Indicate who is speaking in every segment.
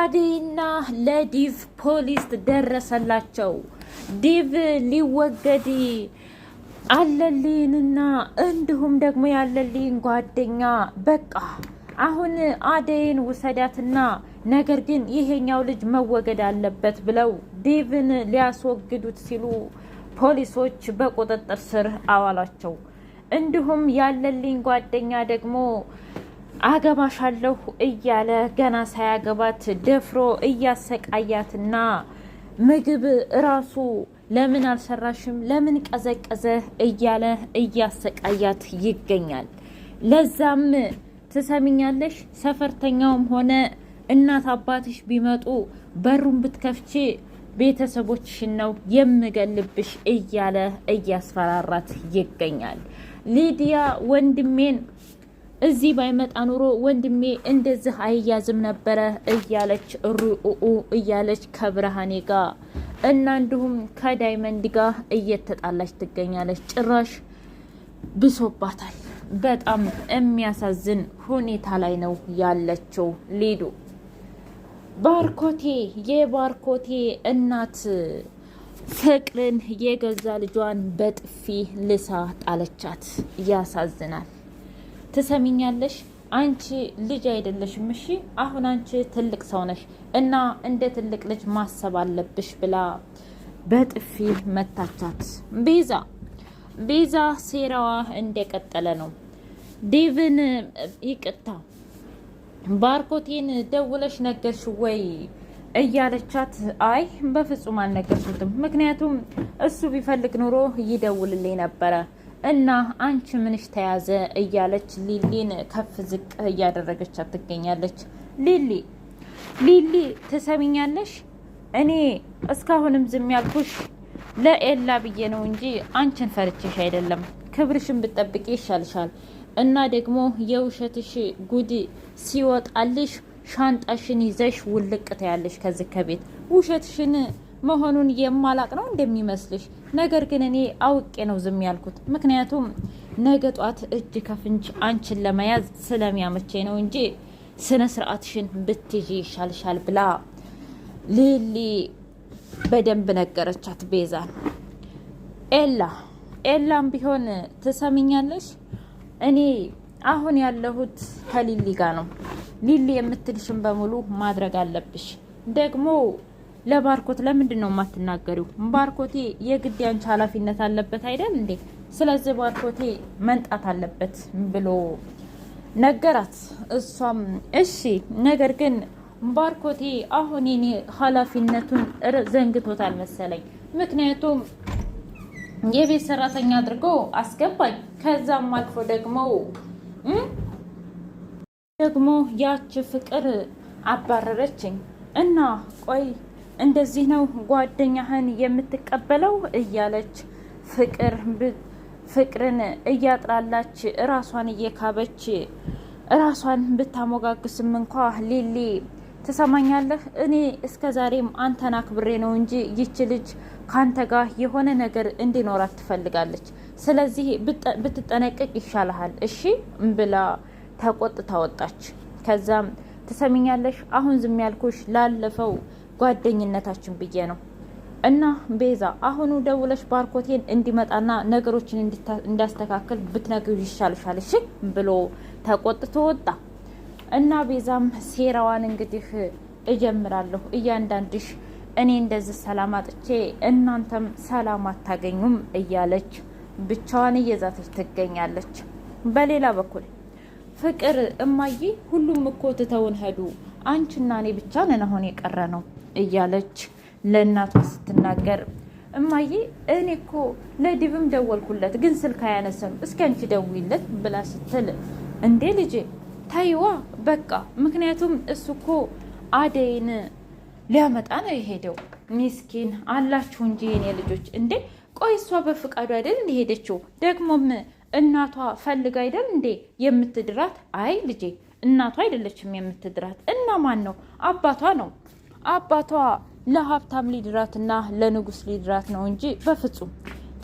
Speaker 1: አደይና ለዲቭ ፖሊስ ደረሰላቸው። ዲቭ ሊወገድ አለልንና እንዲሁም ደግሞ ያለልን ጓደኛ በቃ አሁን አደይን ውሰዳትና ነገር ግን ይሄኛው ልጅ መወገድ አለበት ብለው ዲቭን ሊያስወግዱት ሲሉ ፖሊሶች በቁጥጥር ስር አዋሏቸው። እንዲሁም ያለልኝ ጓደኛ ደግሞ አገባሻለሁ እያለ ገና ሳያገባት ደፍሮ እያሰቃያትና ምግብ እራሱ ለምን አልሰራሽም ለምን ቀዘቀዘ እያለ እያሰቃያት ይገኛል። ለዛም ትሰሚኛለሽ፣ ሰፈርተኛውም ሆነ እናት አባትሽ ቢመጡ በሩን ብትከፍች ቤተሰቦችሽን ነው የምገልብሽ እያለ እያስፈራራት ይገኛል። ሊዲያ ወንድሜን እዚህ ባይመጣ ኑሮ ወንድሜ እንደዚህ አይያዝም ነበረ እያለች ሩኡኡ እያለች ከብርሃኔ ጋር እና እንዲሁም ከዳይመንድ ጋር እየተጣላች ትገኛለች። ጭራሽ ብሶባታል። በጣም የሚያሳዝን ሁኔታ ላይ ነው ያለችው ሊዱ። ባርኮቴ የባርኮቴ እናት ፍቅርን የገዛ ልጇን በጥፊ ልሳ ጣለቻት። ያሳዝናል። ትሰሚኛለሽ? አንቺ ልጅ አይደለሽም። እሺ አሁን አንቺ ትልቅ ሰው ነሽ እና እንደ ትልቅ ልጅ ማሰብ አለብሽ ብላ በጥፊ መታቻት። ቤዛ ቤዛ ሴራዋ እንደቀጠለ ነው። ዴቭን ይቅታ ባርኮቴን ደውለሽ ነገርሽ ወይ እያለቻት አይ በፍጹም አልነገርኩትም፣ ምክንያቱም እሱ ቢፈልግ ኑሮ ይደውልልኝ ነበረ እና አንቺ ምንሽ ተያዘ እያለች ሊሊን ከፍ ዝቅ እያደረገች ትገኛለች። ሊሊ ሊሊ ትሰሚኛለሽ? እኔ እስካሁንም ዝም ያልኩሽ ለኤላ ብዬ ነው እንጂ አንቺን ፈርቼሽ አይደለም። ክብርሽን ብትጠብቂ ይሻልሻል። እና ደግሞ የውሸትሽ ጉድ ሲወጣልሽ ሻንጣሽን ይዘሽ ውልቅ ትያለሽ ከዚህ ከቤት ውሸትሽን መሆኑን የማላቅ ነው እንደሚመስልሽ። ነገር ግን እኔ አውቄ ነው ዝም ያልኩት፣ ምክንያቱም ነገ ጧት እጅ ከፍንች አንቺን ለመያዝ ስለሚያመቼ ነው እንጂ ስነ ስርዓትሽን ብትይዥ ይሻልሻል ብላ ሊሊ በደንብ ነገረቻት ቤዛን። ኤላ ኤላም ቢሆን ትሰምኛለሽ፣ እኔ አሁን ያለሁት ከሊሊ ጋር ነው። ሊሊ የምትልሽን በሙሉ ማድረግ አለብሽ ደግሞ ለባርኮት ለምንድን ነው የማትናገሪው? ባርኮቴ የግድ ያንቺ ኃላፊነት አለበት አይደል እንዴ? ስለዚህ ባርኮቴ መንጣት አለበት ብሎ ነገራት። እሷም እሺ፣ ነገር ግን ባርኮቴ አሁን የኔ ኃላፊነቱን ዘንግቶታል መሰለኝ። ምክንያቱም የቤት ሰራተኛ አድርጎ አስገባኝ። ከዛም አልፎ ደግሞ ደግሞ ያቺ ፍቅር አባረረችኝ እና ቆይ እንደዚህ ነው ጓደኛህን የምትቀበለው እያለች ፍቅር ፍቅርን እያጥላላች እራሷን እየካበች እራሷን ብታሞጋግስም እንኳ ሊሊ ትሰማኛለህ፣ እኔ እስከ ዛሬም አንተን አክብሬ ነው እንጂ ይቺ ልጅ ካንተ ጋር የሆነ ነገር እንዲኖራት ትፈልጋለች። ስለዚህ ብትጠነቅቅ ይሻልሃል፣ እሺ ብላ ተቆጥታ ወጣች ከዛም ትሰሚኛለሽ፣ አሁን ዝም ያልኩሽ ላለፈው ጓደኝነታችን ብዬ ነው። እና ቤዛ አሁኑ ደውለሽ ባርኮቴን እንዲመጣና ነገሮችን እንዲያስተካክል ብትነግሪው ይሻልሻል እሺ ብሎ ተቆጥቶ ወጣ። እና ቤዛም ሴራዋን እንግዲህ እጀምራለሁ እያንዳንድሽ እኔ እንደዚህ ሰላም አጥቼ እናንተም ሰላም አታገኙም እያለች ብቻዋን እየዛተች ትገኛለች። በሌላ በኩል ፍቅር እማዬ፣ ሁሉም እኮ ትተውን ሄዱ፣ አንቺና እኔ ብቻ ነን አሁን የቀረ ነው እያለች ለእናቷ ስትናገር እማዬ እኔ እኮ ለዲብም ደወልኩለት፣ ግን ስልክ አያነሳም። እስኪ አንቺ ደውይለት ብላ ስትል እንዴ ልጄ ታይዋ በቃ ምክንያቱም እሱ እኮ አደይን ሊያመጣ ነው የሄደው። ሚስኪን አላችሁ እንጂ የኔ ልጆች። እንዴ ቆይ እሷ በፍቃዱ አይደል እንደሄደችው? ደግሞም እናቷ ፈልግ አይደል እንዴ የምትድራት? አይ ልጄ እናቷ አይደለችም የምትድራት። እና ማን ነው? አባቷ ነው አባቷ ለሀብታም ሊድራትና ለንጉስ ሊድራት ነው እንጂ በፍጹም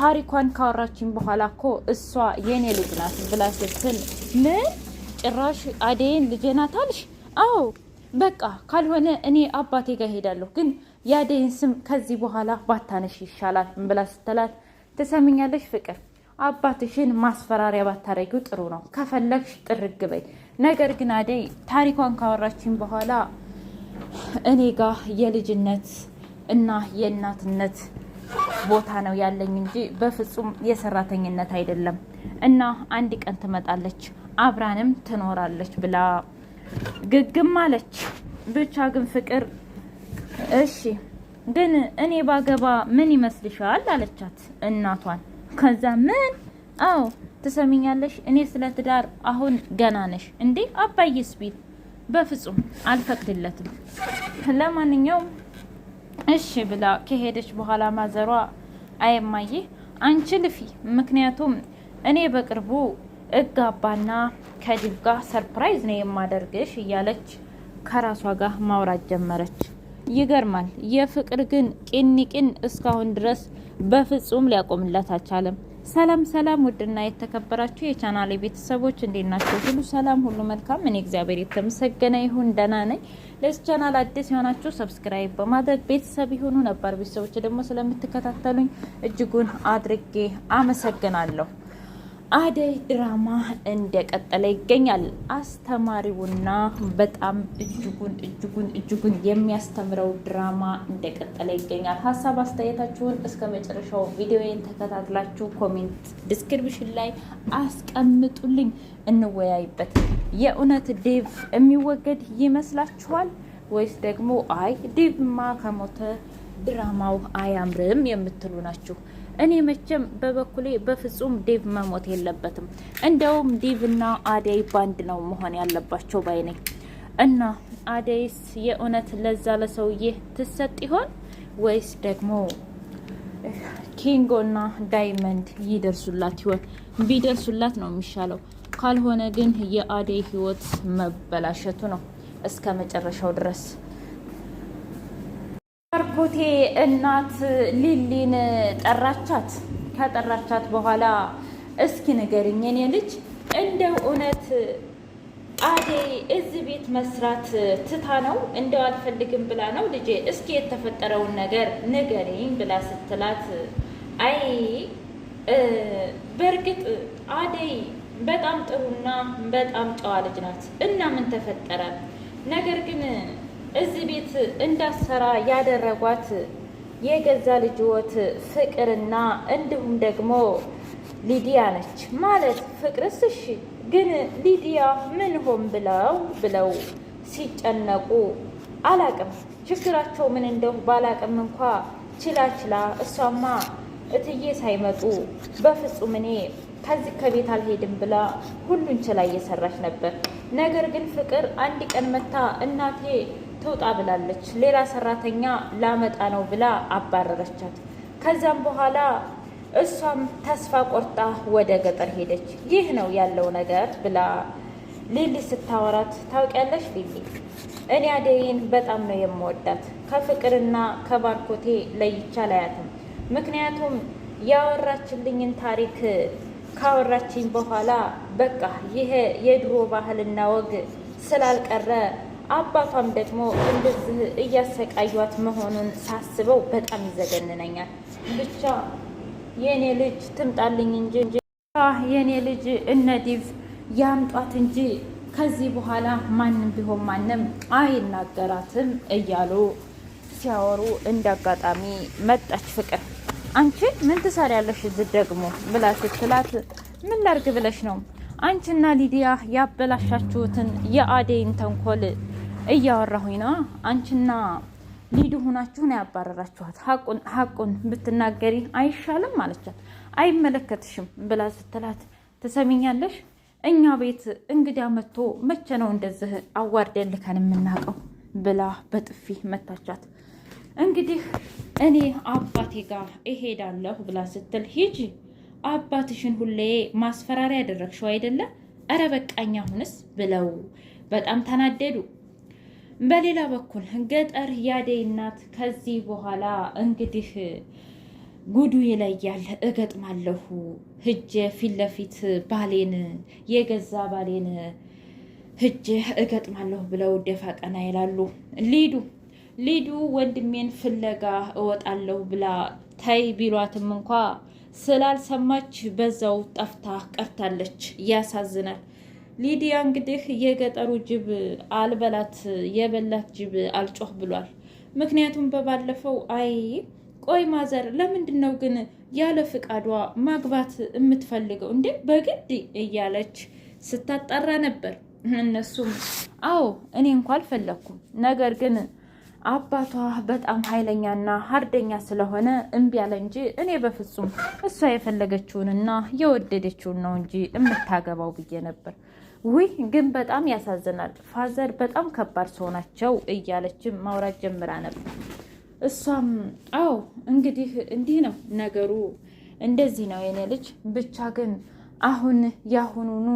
Speaker 1: ታሪኳን ካወራችን በኋላ እኮ እሷ የኔ ልጅ ናት ብላ ስትል ምን ጭራሽ አደይን ልጄ ናት አልሽ? አዎ በቃ ካልሆነ እኔ አባቴ ጋር ሄዳለሁ፣ ግን የአደይን ስም ከዚህ በኋላ ባታነሽ ይሻላል ብላ ስትላት፣ ትሰምኛለሽ ፍቅር አባትሽን ማስፈራሪያ ባታረጊው ጥሩ ነው። ከፈለግሽ ጥርግ በይ። ነገር ግን አደይ ታሪኳን ካወራችን በኋላ እኔ ጋ የልጅነት እና የእናትነት ቦታ ነው ያለኝ እንጂ በፍጹም የሰራተኝነት አይደለም። እና አንድ ቀን ትመጣለች አብራንም ትኖራለች ብላ ግግም አለች። ብቻ ግን ፍቅር እሺ ግን እኔ ባገባ ምን ይመስልሻል? አለቻት እናቷን። ከዛ ምን አዎ ትሰሚኛለሽ፣ እኔ ስለ ትዳር አሁን ገና ነሽ እንዴ አባዬስ ቢል በፍጹም አልፈቅድለትም። ለማንኛውም እሺ ብላ ከሄደች በኋላ ማዘሯ አይማዬ አንቺ ልፊ፣ ምክንያቱም እኔ በቅርቡ እጋባና ከዲብ ጋር ሰርፕራይዝ ነው የማደርግሽ እያለች ከራሷ ጋር ማውራት ጀመረች። ይገርማል። የፍቅር ግን ቂኒ ቂን እስካሁን ድረስ በፍጹም ሊያቆምላት አልቻለም። ሰላም ሰላም፣ ውድና የተከበራችሁ የቻናል ቤተሰቦች እንዴት ናቸው? ሁሉ ሰላም፣ ሁሉ መልካም። እኔ እግዚአብሔር የተመሰገነ ይሁን ደህና ነኝ። ለዚህ ቻናል አዲስ የሆናችሁ ሰብስክራይብ በማድረግ ቤተሰብ ይሁኑ። ነባር ቤተሰቦች ደግሞ ስለምትከታተሉኝ እጅጉን አድርጌ አመሰግናለሁ። አደይ ድራማ እንደቀጠለ ይገኛል። አስተማሪውና በጣም እጅጉን እጅጉን እጅጉን የሚያስተምረው ድራማ እንደቀጠለ ይገኛል። ሀሳብ አስተያየታችሁን እስከ መጨረሻው ቪዲዮን ተከታትላችሁ ኮሜንት፣ ዲስክሪፕሽን ላይ አስቀምጡልኝ፣ እንወያይበት። የእውነት ዴቭ የሚወገድ ይመስላችኋል ወይስ ደግሞ አይ ዴቭማ ከሞተ ድራማው አያምርም የምትሉ ናችሁ? እኔ መቼም በበኩሌ በፍጹም ዴቭ መሞት የለበትም። እንደውም ዴቭና አደይ ባንድ ነው መሆን ያለባቸው ባይ ነኝ። እና አደይስ የእውነት ለዛ ለሰውዬ ትሰጥ ይሆን ወይስ ደግሞ ኪንጎና ዳይመንድ ይደርሱላት ይሆን? ቢደርሱላት ነው የሚሻለው። ካልሆነ ግን የአደይ ህይወት መበላሸቱ ነው እስከ መጨረሻው ድረስ ያጎቴ እናት ሊሊን ጠራቻት። ከጠራቻት በኋላ እስኪ ንገርኝ የኔ ልጅ እንደው እውነት አደይ እዚህ ቤት መስራት ትታ ነው እንደው አልፈልግም ብላ ነው ልጄ፣ እስኪ የተፈጠረውን ነገር ንገሪኝ ብላ ስትላት፣ አይ በእርግጥ አደይ በጣም ጥሩና በጣም ጨዋ ልጅ ናት እና ምን ተፈጠረ ነገር ግን እዚህ ቤት እንዳሰራ ያደረጓት የገዛ ልጅወት ፍቅርና እንዲሁም ደግሞ ሊዲያ ነች ማለት ፍቅርስ። እሺ ግን ሊዲያ ምን ሆን ብለው ብለው ሲጨነቁ አላቅም ችግራቸው ምን እንደው ባላቅም እንኳ ችላ ችላ እሷማ እትዬ ሳይመጡ በፍጹም እኔ ከዚህ ከቤት አልሄድም ብላ ሁሉን ችላ እየሰራች ነበር። ነገር ግን ፍቅር አንድ ቀን መታ እናቴ ትውጣ ብላለች። ሌላ ሰራተኛ ላመጣ ነው ብላ አባረረቻት። ከዛም በኋላ እሷም ተስፋ ቆርጣ ወደ ገጠር ሄደች። ይህ ነው ያለው ነገር ብላ ሊሊ ስታወራት፣ ታውቂያለሽ ሊሊ እኔ አደይን በጣም ነው የምወዳት ከፍቅርና ከባርኮቴ ለይቻ ላያትም ምክንያቱም ያወራችልኝን ታሪክ ካወራችኝ በኋላ በቃ ይሄ የድሮ ባህልና ወግ ስላልቀረ አባቷም ደግሞ እንደዚህ እያሰቃዩት መሆኑን ሳስበው በጣም ይዘገንነኛል። ብቻ የእኔ ልጅ ትምጣልኝ እንጂ የእኔ ልጅ እነዲቭ ያምጧት እንጂ ከዚህ በኋላ ማንም ቢሆን ማንም አይናገራትም እያሉ ሲያወሩ እንደ አጋጣሚ መጣች ፍቅር። አንቺ ምን ትሰሪያለሽ እዚህ ደግሞ ብላ ስትላት ምን ላርግ ብለሽ ነው አንቺና ሊዲያ ያበላሻችሁትን የአደይን ተንኮል እያወራሁኝ ነዋ። አንቺና ሊዱ ሆናችሁ ነው ያባረራችኋት። ሀቁን ብትናገሪ አይሻልም አለቻት። አይመለከትሽም ብላ ስትላት ትሰሚኛለሽ፣ እኛ ቤት እንግዲያ መጥቶ መቼ ነው እንደዚህ አዋርደን ልከን የምናውቀው? ብላ በጥፊ መታቻት። እንግዲህ እኔ አባቴ ጋር እሄዳለሁ ብላ ስትል ሂጂ፣ አባትሽን ሁሌ ማስፈራሪያ ያደረግሽው አይደለም? እረ በቃኝ አሁንስ ብለው በጣም ተናደዱ። በሌላ በኩል ገጠር ያደይ እናት ከዚህ በኋላ እንግዲህ ጉዱ ይለያል፣ እገጥማለሁ ህጄ ፊት ለፊት ባሌን የገዛ ባሌን ህጄ እገጥማለሁ ብለው ደፋ ቀና ይላሉ። ሊዱ ሊዱ ወንድሜን ፍለጋ እወጣለሁ ብላ ታይ ቢሏትም እንኳ ስላልሰማች በዛው ጠፍታ ቀርታለች። ያሳዝናል። ሊዲያ እንግዲህ የገጠሩ ጅብ አልበላት የበላት ጅብ አልጮህ ብሏል። ምክንያቱም በባለፈው አይ ቆይ ማዘር ለምንድን ነው ግን ያለ ፍቃዷ ማግባት የምትፈልገው እንዴ በግድ እያለች ስታጣራ ነበር። እነሱም አዎ እኔ እንኳ አልፈለግኩም፣ ነገር ግን አባቷ በጣም ኃይለኛና ሀርደኛ ስለሆነ እምቢ አለ እንጂ እኔ በፍጹም እሷ የፈለገችውንና የወደደችውን ነው እንጂ የምታገባው ብዬ ነበር። ውይ ግን በጣም ያሳዝናል ፋዘር በጣም ከባድ ሰው ናቸው እያለችም ማውራት ጀምራ ነበር። እሷም አዎ እንግዲህ እንዲህ ነው ነገሩ፣ እንደዚህ ነው የኔ ልጅ። ብቻ ግን አሁን ያሁኑኑ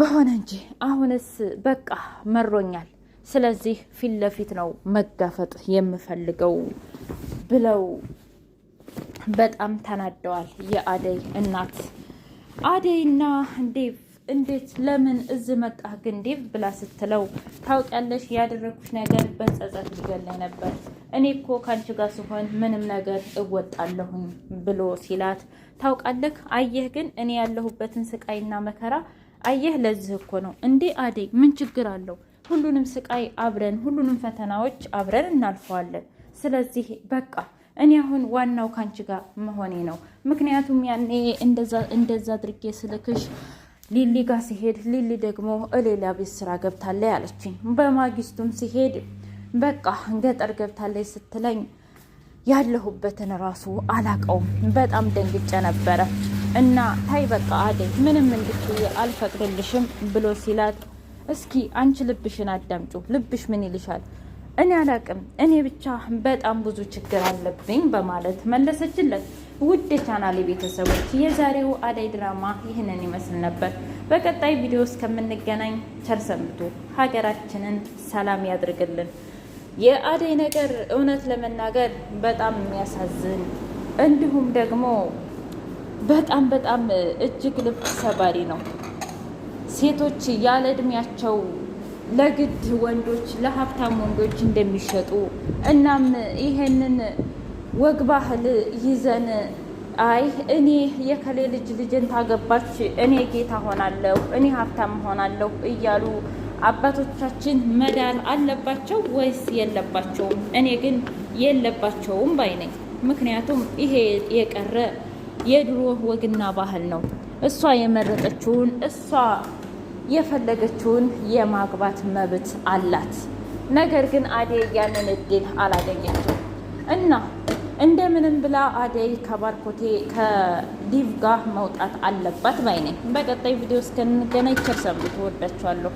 Speaker 1: በሆነ እንጂ አሁንስ በቃ መሮኛል። ስለዚህ ፊት ለፊት ነው መጋፈጥ የምፈልገው ብለው በጣም ተናደዋል የአደይ እናት አደይና ዴቭ እንዴት ለምን እዚህ መጣ ግን ዴቭ ብላ ስትለው ታውቂያለሽ ያደረግኩሽ ነገር በጸጸት ሊገለኝ ነበር እኔ እኮ ከአንቺ ጋር ስሆን ምንም ነገር እወጣለሁኝ ብሎ ሲላት ታውቃለህ አየህ ግን እኔ ያለሁበትን ስቃይና መከራ አየህ ለዚህ እኮ ነው እንዴ አደይ ምን ችግር አለው ሁሉንም ስቃይ አብረን ሁሉንም ፈተናዎች አብረን እናልፈዋለን ስለዚህ በቃ እኔ አሁን ዋናው ከአንቺ ጋር መሆኔ ነው ምክንያቱም ያኔ እንደዛ አድርጌ ስልክሽ ሊሊ ጋር ሲሄድ ሊሊ ደግሞ እሌላ ቤት ስራ ገብታለች አለችኝ። በማግስቱም ሲሄድ በቃ ገጠር ገብታለች ስትለኝ ያለሁበትን ራሱ አላቀውም። በጣም ደንግጨ ነበረ እና ታይ በቃ አደይ ምንም እንድትይ አልፈቅድልሽም ብሎ ሲላት፣ እስኪ አንቺ ልብሽን አዳምጩ፣ ልብሽ ምን ይልሻል? እኔ አላቅም፣ እኔ ብቻ በጣም ብዙ ችግር አለብኝ በማለት መለሰችለት። ውድ ቻናሌ ቤተሰቦች የዛሬው አደይ ድራማ ይህንን ይመስል ነበር። በቀጣይ ቪዲዮ እስከምንገናኝ ቸር ሰንብቱ። ሀገራችንን ሰላም ያድርግልን። የአደይ ነገር እውነት ለመናገር በጣም የሚያሳዝን እንዲሁም ደግሞ በጣም በጣም እጅግ ልብ ሰባሪ ነው። ሴቶች ያለ እድሜያቸው ለግድ ወንዶች ለሀብታም ወንዶች እንደሚሸጡ እናም ይሄንን ወግ ባህል ይዘን አይ እኔ የከሌ ልጅ ልጅን ታገባች እኔ ጌታ ሆናለሁ እኔ ሀብታም ሆናለሁ እያሉ አባቶቻችን መዳን አለባቸው ወይስ የለባቸውም? እኔ ግን የለባቸውም ባይ ነኝ። ምክንያቱም ይሄ የቀረ የድሮ ወግና ባህል ነው። እሷ የመረጠችውን እሷ የፈለገችውን የማግባት መብት አላት። ነገር ግን አዴ ያንን እድል አላገኘችው እና እንደምንም ብላ አደይ ከባርኮቴ ከዲቭ ጋር መውጣት አለባት ባይ ነኝ። በቀጣይ ቪዲዮ እስከንገናኝ ቸር ሰንብቱ። ወዳችኋለሁ።